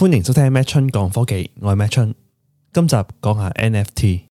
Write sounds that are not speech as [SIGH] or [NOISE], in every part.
歡迎收聽麥春講科技，我係麥春，今集講下 NFT。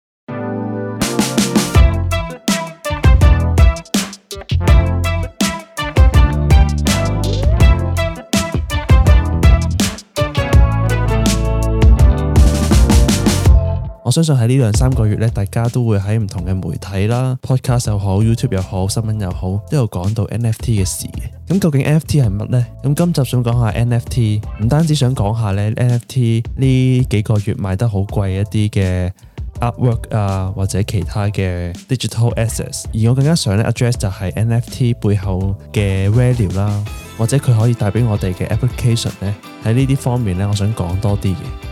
相信喺呢兩三個月咧，大家都會喺唔同嘅媒體啦、啊、podcast 又好、YouTube 又好、新聞又好，都有講到 NFT 嘅事。咁究竟 NFT 係乜呢？咁今集想講下 NFT，唔單止想講下咧 NFT 呢幾個月賣得好貴一啲嘅 artwork 啊，或者其他嘅 digital assets。而我更加想咧 address 就係 NFT 背後嘅 value 啦，或者佢可以帶俾我哋嘅 application 咧。喺呢啲方面咧，我想講多啲嘅。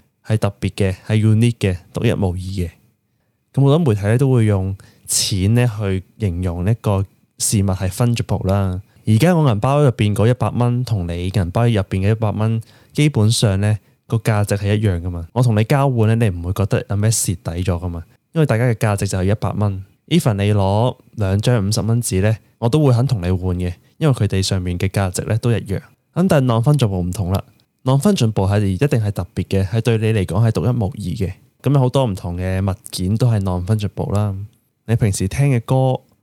係特別嘅，係 unique 嘅，獨一無二嘅。咁好多媒體咧都會用錢咧去形容呢個事物係 fungible 啦。而家我銀包入邊嗰一百蚊，同你銀包入邊嘅一百蚊，基本上咧個價值係一樣噶嘛。我同你交換咧，你唔會覺得有咩蝕底咗噶嘛？因為大家嘅價值就係一百蚊。Even 你攞兩張五十蚊紙咧，我都會肯同你換嘅，因為佢哋上面嘅價值咧都一樣。咁但係 non-fungible 冇唔同啦。non-fungible 係一定係特別嘅，係對你嚟講係獨一無二嘅。咁有好多唔同嘅物件都係 non-fungible 啦。你平時聽嘅歌。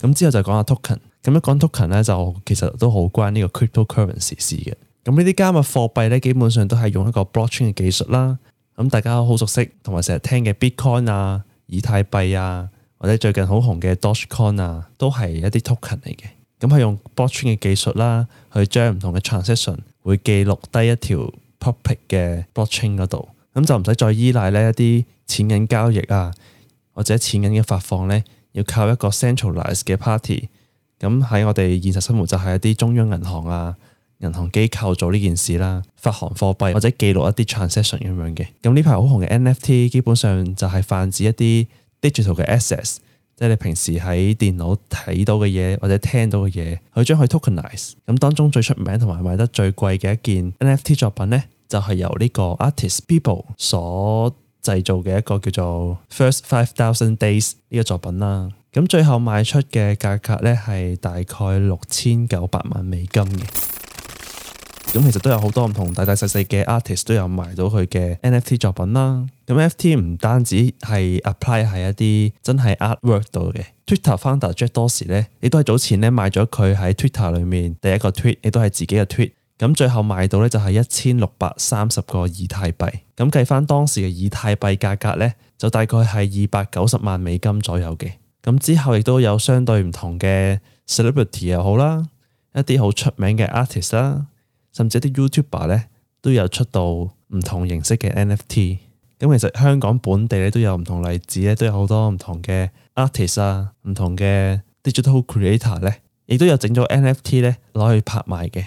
咁之後就講下 token，咁一講 token 咧就其實都好關呢個 cryptocurrency 事嘅。咁呢啲加密貨幣咧，基本上都係用一個 blockchain 嘅技術啦。咁大家好熟悉，同埋成日聽嘅 bitcoin 啊、以太幣啊，或者最近好紅嘅 dogecoin 啊，都係一啲 token 嚟嘅。咁係用 blockchain 嘅技術啦，去將唔同嘅 transaction 會記錄低一條 public 嘅 blockchain 度，咁就唔使再依賴呢一啲錢銀交易啊，或者錢銀嘅發放咧。要靠一個 centralized 嘅 party，咁喺我哋現實生活就係一啲中央銀行啊、銀行機構做呢件事啦，發行貨幣或者記錄一啲 transaction 咁樣嘅。咁呢排好紅嘅 NFT 基本上就係泛指一啲 digital 嘅 assets，即係你平時喺電腦睇到嘅嘢或者聽到嘅嘢，佢將佢 tokenize。咁當中最出名同埋賣得最貴嘅一件 NFT 作品呢，就係、是、由呢個 artist people 所製造嘅一個叫做 First Five Thousand Days 呢個作品啦，咁最後賣出嘅價格呢，係大概六千九百萬美金嘅。咁其實都有好多唔同大大細細嘅 artist 都有賣到佢嘅 NFT 作品啦。咁 NFT 唔單止係 apply 喺一啲真係 artwork 度嘅，Twitter founder Jack 多時呢，你都係早前呢買咗佢喺 Twitter 裏面第一個 tweet，亦都係自己嘅 tweet。咁最後賣到咧就係一千六百三十個以太幣，咁計翻當時嘅以太幣價格咧，就大概係二百九十萬美金左右嘅。咁之後亦都有相對唔同嘅 celebrity 又好啦，一啲好出名嘅 artist 啦，甚至一啲 YouTuber 咧都有出到唔同形式嘅 NFT。咁其實香港本地咧都有唔同例子咧，都有好多唔同嘅 artist 啊，唔同嘅 digital creator 咧，亦都有整咗 NFT 咧攞去拍賣嘅。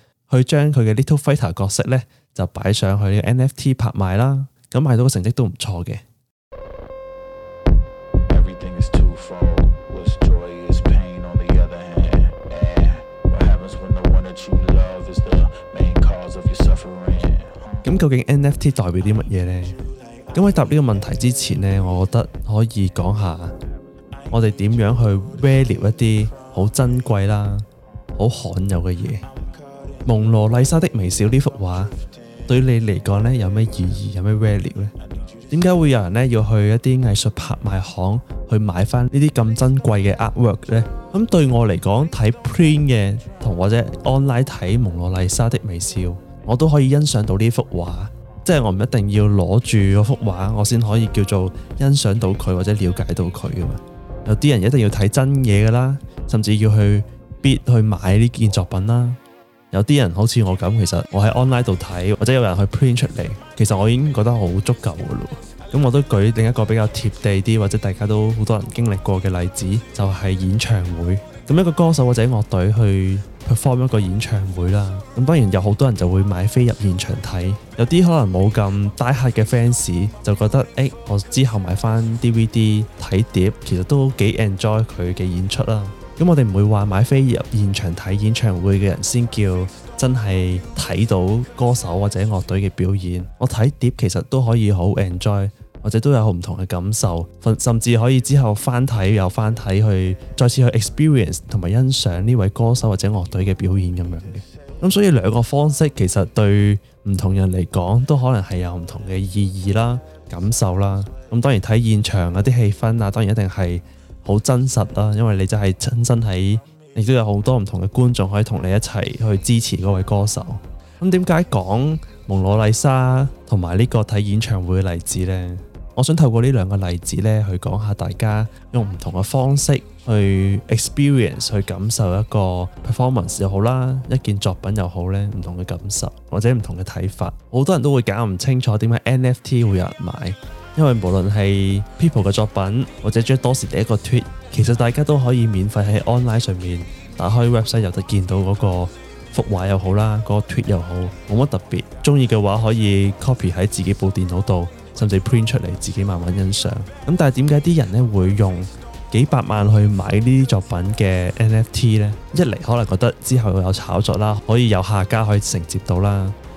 去將佢嘅 Little Fighter 角色咧，就擺上去 NFT 拍賣啦。咁賣到嘅成績都唔錯嘅。咁究竟 NFT 代表啲乜嘢呢？咁喺答呢個問題之前呢，我覺得可以講下我哋點樣去 value 一啲好珍貴啦、好罕有嘅嘢。蒙羅麗莎的微笑呢幅畫對你嚟講呢，有咩意義？有咩 value 咧？點解會有人呢要去一啲藝術拍賣行去買返呢啲咁珍貴嘅 artwork 呢？咁對我嚟講，睇 print 嘅同或者 online 睇蒙羅麗莎的微笑，我都可以欣賞到呢幅畫，即係我唔一定要攞住嗰幅畫，我先可以叫做欣賞到佢或者了解到佢噶嘛。有啲人一定要睇真嘢噶啦，甚至要去 bid 去買呢件作品啦。有啲人好似我咁，其實我喺 online 度睇，或者有人去 print 出嚟，其實我已經覺得好足夠噶咯。咁我都舉另一個比較貼地啲，或者大家都好多人經歷過嘅例子，就係演唱會。咁一個歌手或者樂隊去 perform 一個演唱會啦，咁當然有好多人就會買飛入現場睇。有啲可能冇咁大客嘅 fans 就覺得，誒我之後買翻 DVD 睇碟，其實都幾 enjoy 佢嘅演出啦。咁我哋唔會話買飛入現場睇演唱會嘅人先叫真係睇到歌手或者樂隊嘅表演。我睇碟其實都可以好 enjoy，或者都有唔同嘅感受，甚至可以之後翻睇，又翻睇去再次去 experience 同埋欣賞呢位歌手或者樂隊嘅表演咁樣嘅。咁所以兩個方式其實對唔同人嚟講都可能係有唔同嘅意義啦、感受啦。咁當然睇現場嗰啲氣氛啊，當然一定係。好真實啦，啊，因為你真係親身喺，亦都有好多唔同嘅觀眾可以同你一齊去支持嗰位歌手。咁點解講蒙娜麗莎同埋呢個睇演唱會嘅例子呢？我想透過呢兩個例子呢，去講下大家用唔同嘅方式去 experience 去感受一個 performance 又好啦，一件作品又好呢，唔同嘅感受或者唔同嘅睇法。好多人都會搞唔清楚點解 NFT 會有人買。因為無論係 People 嘅作品，或者將多時第一個 Tweet，其實大家都可以免費喺 online 上面打開 website，又得見到嗰個幅畫又好啦，嗰個 Tweet 又好，冇乜特別。中意嘅話可以 copy 喺自己部電腦度，甚至 print 出嚟自己慢慢欣賞。咁但係點解啲人咧會用幾百萬去買呢啲作品嘅 NFT 呢？一嚟可能覺得之後有炒作啦，可以有下家可以承接到啦。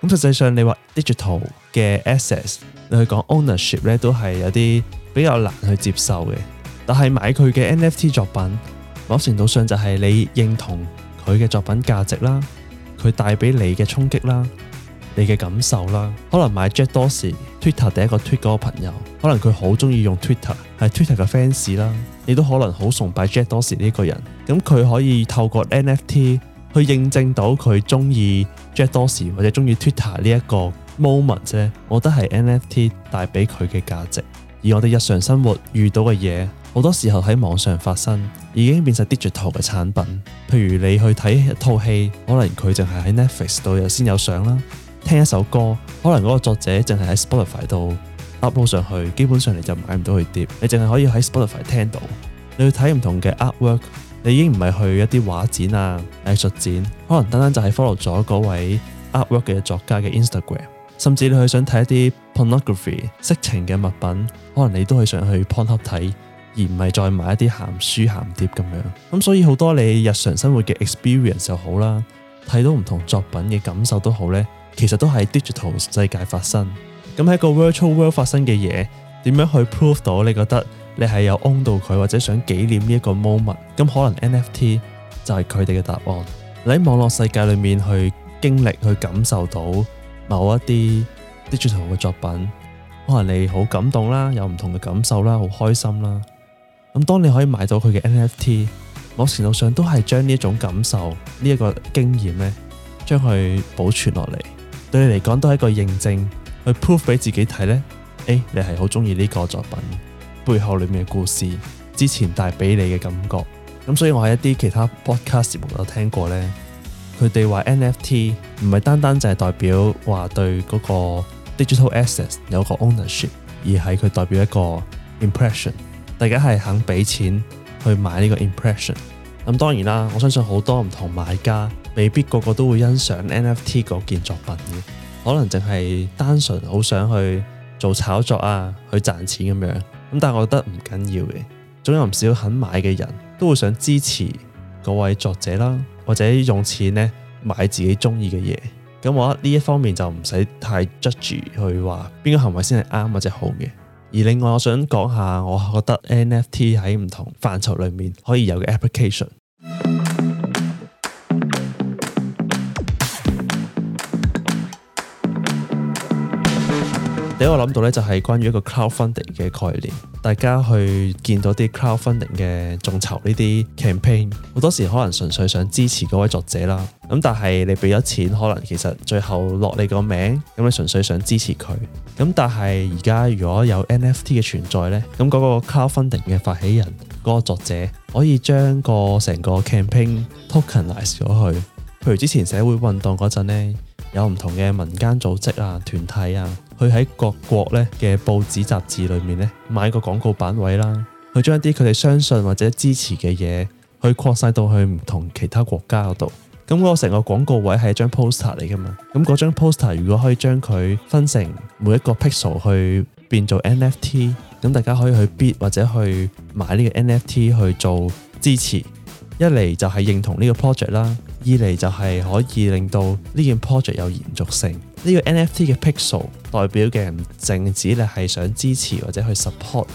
咁實際上，你話 digital 嘅 access，你去講 ownership 咧，都係有啲比較難去接受嘅。但係買佢嘅 NFT 作品，某程度上就係你認同佢嘅作品價值啦，佢帶俾你嘅衝擊啦，你嘅感受啦。可能買 Jack Dorsey，Twitter 第一個 tweet 嗰個朋友，可能佢好中意用 Twitter，係 Twitter 嘅 fans 啦，你都可能好崇拜 Jack Dorsey 呢個人。咁佢可以透過 NFT，去認證到佢中意 Jack 多時或者中意 Twitter 呢一個 moment 啫，我覺得係 NFT 帶俾佢嘅價值。而我哋日常生活遇到嘅嘢，好多時候喺網上發生，已經變曬 digital 嘅產品。譬如你去睇一套戲，可能佢淨係喺 Netflix 度先有相啦；聽一首歌，可能嗰個作者淨係喺 Spotify 度 upload 上去，基本上你就買唔到佢碟，你淨係可以喺 Spotify 聽到。你去睇唔同嘅 artwork。你已經唔係去一啲畫展啊、藝術展，可能單單就係 follow 咗嗰位 artwork 嘅作家嘅 Instagram，甚至你去想睇一啲 pornography 色情嘅物品，可能你都係想去 pornhub 睇，而唔係再買一啲鹹書鹹碟咁樣。咁所以好多你日常生活嘅 experience 又好啦，睇到唔同作品嘅感受都好呢，其實都喺 digital 世界發生。咁喺個 virtual world 發生嘅嘢，點樣去 prove 到你覺得？你係有 own 到佢，或者想紀念呢一個 moment，咁可能 NFT 就係佢哋嘅答案。你喺網絡世界裏面去經歷、去感受到某一啲 digital 嘅作品，可能你好感動啦，有唔同嘅感受啦，好開心啦。咁當你可以買到佢嘅 NFT，某程度上都係將呢一種感受、呢、這、一個經驗咧，將佢保存落嚟，對你嚟講都係一個認證，去 proof 俾自己睇咧。誒、哎，你係好中意呢個作品。背後裏面嘅故事，之前帶俾你嘅感覺，咁、嗯、所以我喺一啲其他 podcast 節目都聽過呢。佢哋話 NFT 唔係單單就係代表話對嗰個 digital asset 有個 ownership，而係佢代表一個 impression，大家係肯俾錢去買呢個 impression。咁、嗯、當然啦，我相信好多唔同買家未必個個都會欣賞 NFT 嗰件作品嘅，可能淨係單純好想去做炒作啊，去賺錢咁樣。但係我覺得唔緊要嘅，總有唔少肯買嘅人都會想支持嗰位作者啦，或者用錢咧買自己中意嘅嘢。咁我覺得呢一方面就唔使太 judge 去話邊個行為先係啱或者好嘅。而另外我想講下，我覺得 NFT 喺唔同範疇裏面可以有嘅 application。第一個諗到咧，就係關於一個 crowdfunding 嘅概念。大家去見到啲 crowdfunding 嘅眾籌呢啲 campaign，好多時候可能純粹想支持嗰位作者啦。咁但係你俾咗錢，可能其實最後落你個名，咁你純粹想支持佢。咁但係而家如果有 NFT 嘅存在呢，咁、那、嗰個 crowdfunding 嘅發起人嗰、那個作者可以將個成個 campaign tokenize 咗去。譬如之前社會運動嗰陣咧，有唔同嘅民間組織啊、團體啊。佢喺各國嘅報紙雜誌裏面咧買個廣告版位啦，去將一啲佢哋相信或者支持嘅嘢，去擴散到去唔同其他國家嗰度。咁嗰成個廣告位係一張 poster 嚟噶嘛。咁嗰張 poster 如果可以將佢分成每一個 pixel 去變做 NFT，咁大家可以去 bid 或者去買呢個 NFT 去做支持。一嚟就係認同呢個 project 啦，二嚟就係可以令到呢件 project 有延續性。呢個 NFT 嘅 pixel 代表嘅唔淨止你係想支持或者去 support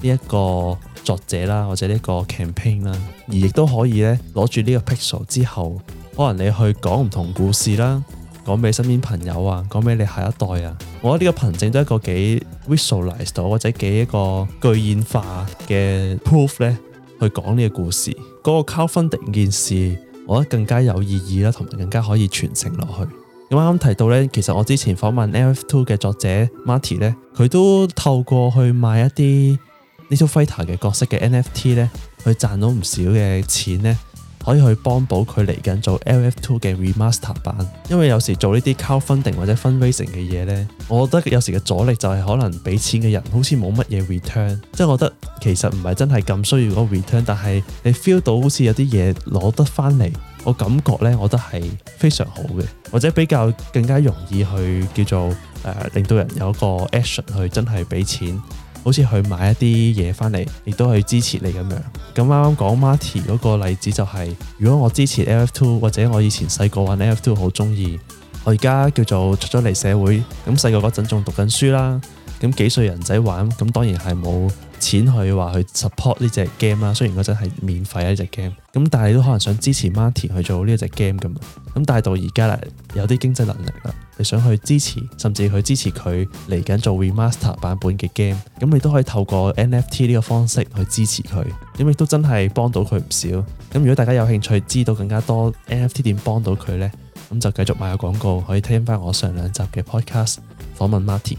呢一個作者啦，或者呢個 campaign 啦，而亦都可以咧攞住呢個 pixel 之後，可能你去講唔同故事啦，講俾身邊朋友啊，講俾你下一代啊，我覺得呢個憑證都係一個幾 visualized 或者幾一個具現化嘅 proof 咧，去講呢個故事，嗰、這個 crowdfunding 件事，我覺得更加有意義啦，同埋更加可以傳承落去。咁啱提到呢，其實我之前訪問 NFT 嘅作者 Marty 呢，佢都透過去賣一啲 Little Fighter 嘅角色嘅 NFT 呢，佢賺到唔少嘅錢呢。可以去幫補佢嚟緊做 LF2 嘅 remaster 版，因為有時做呢啲 crowdfunding 或者 fundraising 嘅嘢呢，我覺得有時嘅阻力就係可能俾錢嘅人好似冇乜嘢 return，即係我覺得其實唔係真係咁需要嗰個 return，但係你 feel 到好似有啲嘢攞得翻嚟，我感覺呢，我覺得係非常好嘅，或者比較更加容易去叫做誒、呃、令到人有一個 action 去真係俾錢。好似去買一啲嘢翻嚟，亦都去支持你咁樣。咁啱啱講 Marty 嗰個例子就係，如果我支持 LF2，或者我以前細個玩 LF2 好中意，我而家叫做出咗嚟社會，咁細個嗰陣仲讀緊書啦，咁幾歲人仔玩，咁當然係冇錢去話去 support 呢隻 game 啦。雖然嗰陣係免費呢隻 game，咁但係都可能想支持 Marty 去做呢一隻 game 咁。咁但係到而家啦，有啲經濟能力啦。你想去支持，甚至去支持佢嚟緊做 remaster 版本嘅 game，咁你都可以透過 NFT 呢個方式去支持佢，咁亦都真係幫到佢唔少。咁如果大家有興趣知道更加多 NFT 點幫到佢呢，咁就繼續買下廣告，可以聽翻我上兩集嘅 podcast 訪問 Marty。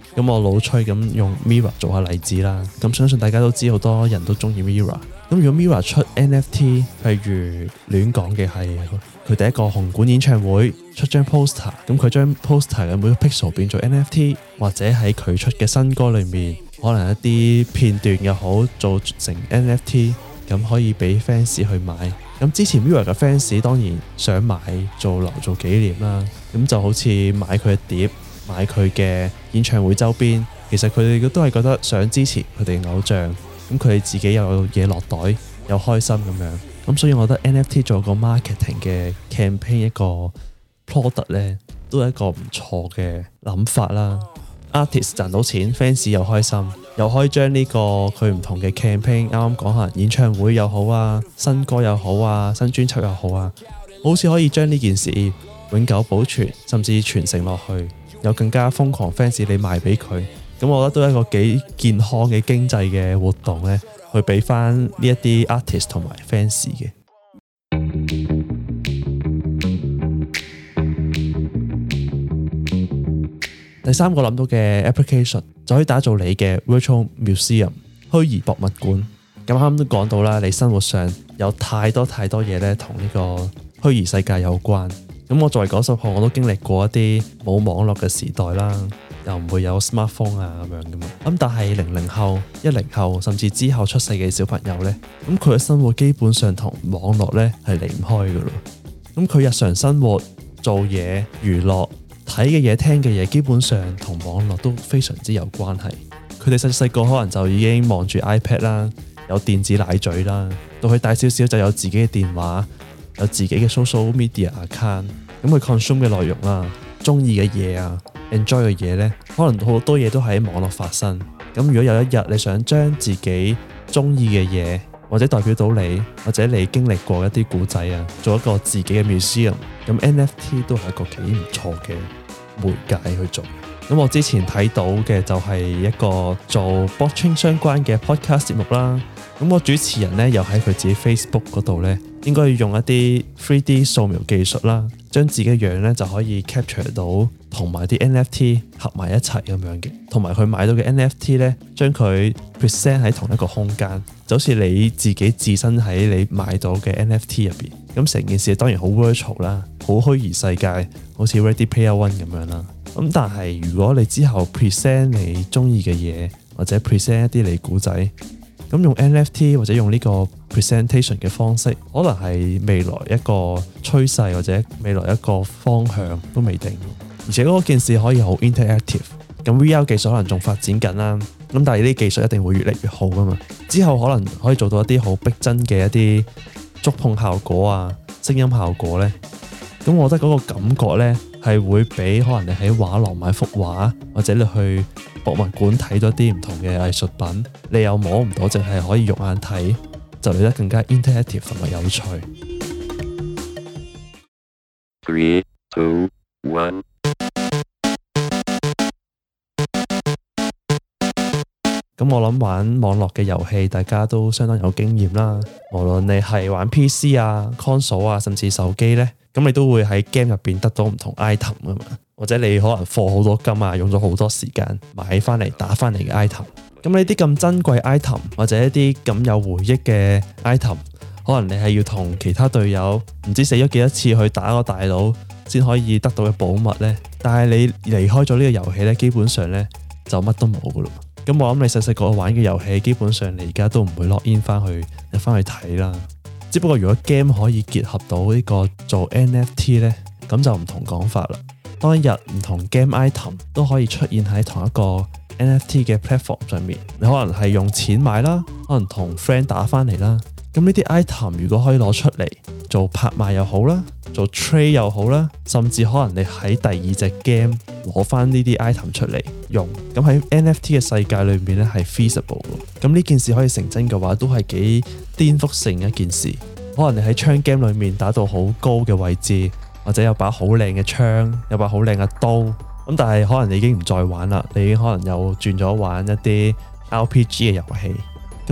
咁我老吹咁用 Mira 做下例子啦，咁相信大家都知好多人都中意 Mira。咁如果 Mira 出 NFT，譬如亂講嘅係佢第一個紅館演唱會出張 poster，咁佢將 poster 嘅每個 pixel 變做 NFT，或者喺佢出嘅新歌裏面，可能一啲片段又好做成 NFT，咁可以俾 fans 去買。咁之前 Mira 嘅 fans 當然想買做留做紀念啦，咁就好似買佢嘅碟。買佢嘅演唱會周邊，其實佢哋都係覺得想支持佢哋偶像，咁佢哋自己又有嘢落袋，又開心咁樣。咁所以，我覺得 NFT 做個 marketing 嘅 campaign 一個 product 呢，都係一個唔錯嘅諗法啦。Oh. Artist 賺到錢，fans、oh. 又開心，oh. 又可以將呢、這個佢唔同嘅 campaign 啱啱講、oh. 下演唱會又好啊，新歌又好啊，新專輯又好啊，好似可以將呢件事永久保存，甚至傳承落去。有更加瘋狂 fans，你賣俾佢，咁我覺得都係一個幾健康嘅經濟嘅活動咧，去俾翻呢啲 artist 同埋 fans 嘅。 [MUSIC] 第三個諗到嘅 application 就可以打造你嘅 virtual museum 虛擬博物館。咁啱啱都講到啦，你生活上有太多太多嘢咧，同呢個虛擬世界有關。咁我作為九十後，我都經歷過一啲冇網絡嘅時代啦，又唔會有 smartphone 啊，咁樣噶嘛。咁但係零零後、一零後甚至之後出世嘅小朋友呢，咁佢嘅生活基本上同網絡呢係離唔開噶咯。咁佢日常生活做嘢、娛樂睇嘅嘢、聽嘅嘢，基本上同網絡都非常之有關係。佢哋細細個可能就已經望住 iPad 啦，有電子奶嘴啦，到佢大少少就有自己嘅電話，有自己嘅 social media account。咁佢 consume 嘅內容啦、啊，中意嘅嘢啊，enjoy 嘅嘢呢，可能好多嘢都喺網絡發生。咁如果有一日你想將自己中意嘅嘢，或者代表到你，或者你經歷過一啲故仔啊，做一個自己嘅 museum，咁 NFT 都係一個幾唔錯嘅媒介去做。咁我之前睇到嘅就係一個做 boxing 相關嘅 podcast 節目啦。咁個主持人咧，又喺佢自己 Facebook 嗰度咧，應該要用一啲 3D 掃描技術啦，將自己樣咧就可以 capture 到，同埋啲 NFT 合埋一齊咁樣嘅，同埋佢買到嘅 NFT 咧，將佢 present 喺同一個空間，就好似你自己置身喺你買到嘅 NFT 入邊，咁成件事當然好 virtual 啦，好虛擬世界，好似 Ready Player One 咁樣啦。咁但係如果你之後 present 你中意嘅嘢，或者 present 一啲你古仔。咁用 NFT 或者用呢個 presentation 嘅方式，可能係未來一個趨勢或者未來一個方向都未定。而且嗰件事可以好 interactive。咁 VR 技術可能仲發展緊啦。咁但係呢啲技術一定會越嚟越好㗎嘛。之後可能可以做到一啲好逼真嘅一啲觸碰效果啊、聲音效果呢。咁我覺得嗰個感覺呢，係會比可能你喺畫廊買幅畫，或者你去博物館睇咗啲唔同嘅藝術品，你又摸唔到，淨係可以肉眼睇，就嚟得更加 interactive 同埋有趣。Three, two, one. 咁我諗玩網絡嘅遊戲，大家都相當有經驗啦。無論你係玩 PC 啊、console 啊，甚至手機咧，咁你都會喺 game 入面得到唔同 item 啊，或者你可能課好多金啊，用咗好多時間買翻嚟打翻嚟嘅 item。咁呢啲咁珍貴 item 或者一啲咁有回憶嘅 item，可能你係要同其他隊友唔知死咗幾多次去打個大佬，先可以得到嘅寶物咧。但係你離開咗呢個遊戲咧，基本上咧就乜都冇噶咯。咁我諗你細細個玩嘅遊戲，基本上你而家都唔會 login 翻去翻去睇啦。只不過如果 game 可以結合到呢個做 NFT 呢，咁就唔同講法啦。當日唔同 game item 都可以出現喺同一個 NFT 嘅 platform 上面。你可能係用錢買啦，可能同 friend 打翻嚟啦。咁呢啲 item 如果可以攞出嚟做拍賣又好啦，做 trade 又好啦，甚至可能你喺第二隻 game 攞翻呢啲 item 出嚟用，咁喺 NFT 嘅世界裏面咧係 feasible 嘅。咁呢件事可以成真嘅話，都係幾顛覆性一件事。可能你喺槍 game 裏面打到好高嘅位置，或者有把好靚嘅槍，有把好靚嘅刀，咁但係可能你已經唔再玩啦，你已經可能又轉咗玩一啲 RPG 嘅遊戲，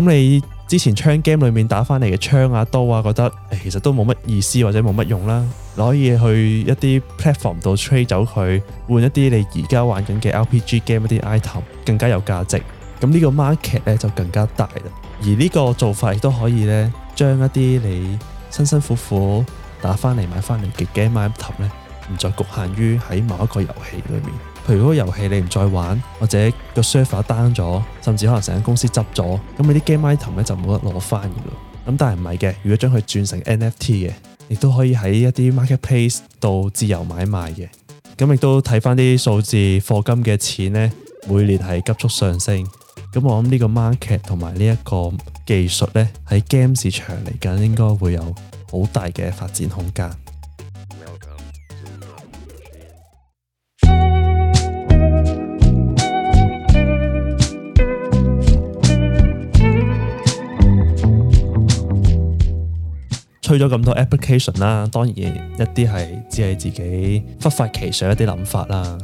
咁你，之前槍 game 裏面打翻嚟嘅槍啊刀啊，覺得、欸、其實都冇乜意思或者冇乜用啦。攞嘢去一啲 platform 度 trade 走佢，換一啲你而家玩緊嘅 RPG game 一啲 item 更加有價值。咁呢個 market 咧就更加大啦。而呢個做法亦都可以咧，將一啲你辛辛苦苦打翻嚟買翻嚟嘅 game item 咧，唔再局限於喺某一個遊戲裏面。如果個遊戲你唔再玩，或者個 server down 咗，甚至可能成間公司執咗，咁你啲 game item 咧就冇得攞翻㗎啦。咁但係唔係嘅，如果將佢轉成 NFT 嘅，亦都可以喺一啲 marketplace 度自由買賣嘅。咁亦都睇翻啲數字課金嘅錢咧，每年係急速上升。咁我諗呢個 market 同埋呢一個技術咧，喺 game 市場嚟緊應該會有好大嘅發展空間。推咗咁多 application 啦，當然一啲係只係自己忽發奇想一啲諗法啦。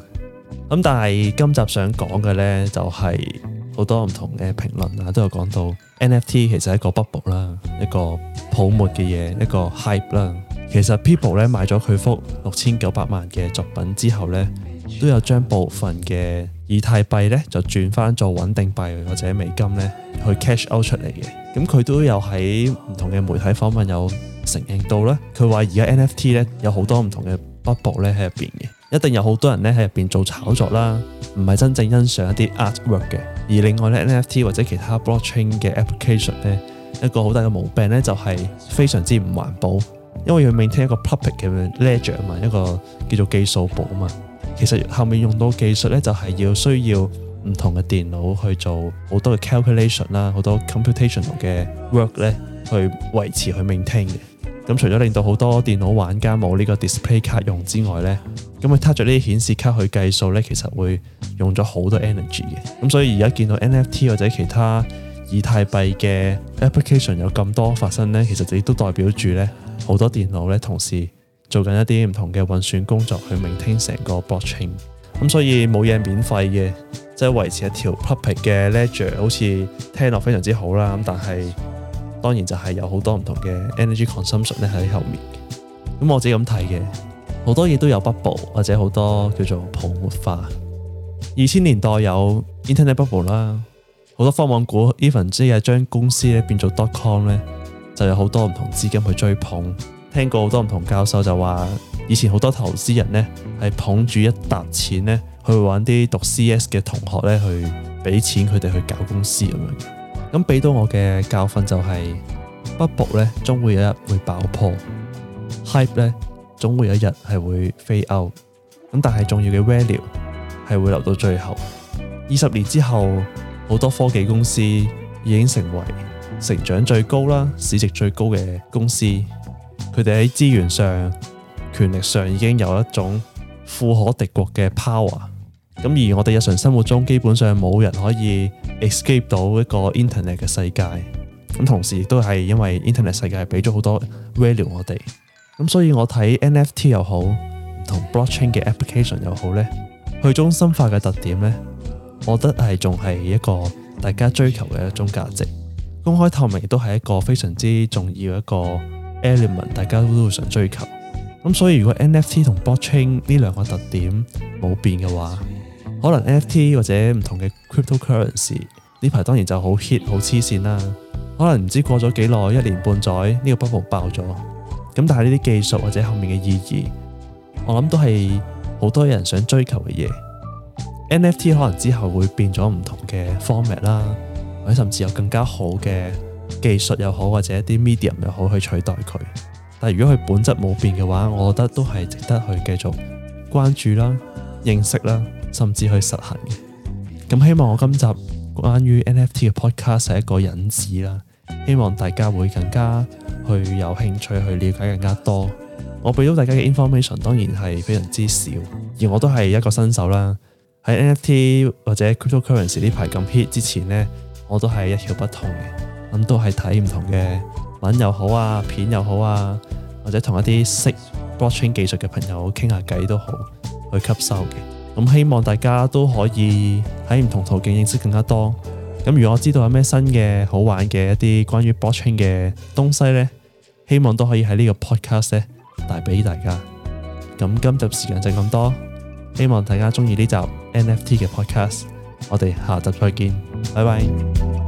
咁但係今集想講嘅呢，就係好多唔同嘅評論啊，都有講到 NFT 其實係一個 bubble 啦，一個泡沫嘅嘢，一個 hype 啦。其實 People 呢買咗佢幅六千九百萬嘅作品之後呢，都有將部分嘅以太幣呢就轉翻做穩定幣或者美金呢去 cash out 出嚟嘅。咁佢都有喺唔同嘅媒體訪問有承認到咧，佢話而家 NFT 咧有好多唔同嘅 bubble 咧喺入邊嘅，一定有好多人咧喺入邊做炒作啦，唔係真正欣賞一啲 artwork 嘅。而另外咧 NFT 或者其他 blockchain 嘅 application 咧，一個好大嘅毛病咧就係非常之唔環保，因為要 maintain 一個 public 嘅 ledger 啊嘛，一個叫做記數簿啊嘛。其實後面用到技術咧，就係要需要唔同嘅電腦去做好多嘅 calculation 啦，好多 computational 嘅 work 咧去維持去 maintain 嘅。咁除咗令到好多電腦玩家冇呢個 display 卡用之外呢，咁佢攤著呢啲顯示卡去計數呢，其實會用咗好多 energy 嘅。咁所以而家見到 NFT 或者其他以太幣嘅 application 有咁多發生呢，其實亦都代表住呢，好多電腦呢，同時做緊一啲唔同嘅運算工作去 maintain 成個 blockchain，咁所以冇嘢免費嘅，即係維持一條 public 嘅 ledger，好似聽落非常之好啦。咁但係，當然就係有好多唔同嘅 energy consumption 咧喺後面。咁我自己咁睇嘅，好多嘢都有 bubble 或者好多叫做泡沫化。二千年代有 internet bubble 啦，好多科網股 even 即係將公司咧變做 dot com 咧，就有好多唔同資金去追捧。聽過好多唔同教授就話，以前好多投資人咧係捧住一沓錢咧去揾啲讀 CS 嘅同學咧去俾錢佢哋去搞公司咁樣。咁俾到我嘅教訓就係、是，北部咧，總會有一日會爆破，hype 咧， [MUSIC] 總會有一日係會飛歐。咁但係重要嘅 value 係會留到最後。二十年之後，好多科技公司已經成為成長最高啦、市值最高嘅公司。佢哋喺資源上、權力上已經有一種富可敵國嘅 power。咁而我哋日常生活中，基本上冇人可以 Escape 到一個 internet 嘅世界，咁同時亦都係因為 internet 世界俾咗好多 value 我哋，咁所以我睇 NFT 又好同 blockchain 嘅 application 又好呢，去中心化嘅特點呢，我覺得係仲係一個大家追求嘅一種價值，公開透明亦都係一個非常之重要嘅一個 element，大家都都會想追求。咁所以如果 NFT 同 blockchain 呢兩個特點冇變嘅話，可能 NFT 或者唔同嘅 crypto currency 呢排當然就好 hit 好黐線啦。可能唔知過咗幾耐，一年半載，呢個 bubble 爆咗咁，但係呢啲技術或者後面嘅意義，我諗都係好多人想追求嘅嘢。NFT 可能之後會變咗唔同嘅 format 啦，或者甚至有更加好嘅技術又好，或者一啲 medium 又好去取代佢。但係如果佢本質冇變嘅話，我覺得都係值得去繼續關注啦、認識啦。.甚至去實行嘅咁，希望我今集關於 NFT 嘅 podcast 係一個引子啦。希望大家會更加去有興趣去了解更加多。我俾到大家嘅 information 當然係非常之少，而我都係一個新手啦。喺 NFT 或者 cryptocurrency 呢排咁 hit 之前呢，我都係一竅不通嘅。咁都係睇唔同嘅文又好啊，片又好啊，或者同一啲識 blockchain 技術嘅朋友傾下偈都好，去吸收嘅。咁希望大家都可以喺唔同途徑認識更加多。咁如果我知道有咩新嘅好玩嘅一啲關於 blockchain 嘅東西呢，希望都可以喺呢個 podcast 呢帶俾大家。咁今集時間就咁多，希望大家中意呢集 NFT 嘅 podcast。我哋下集再見，拜拜。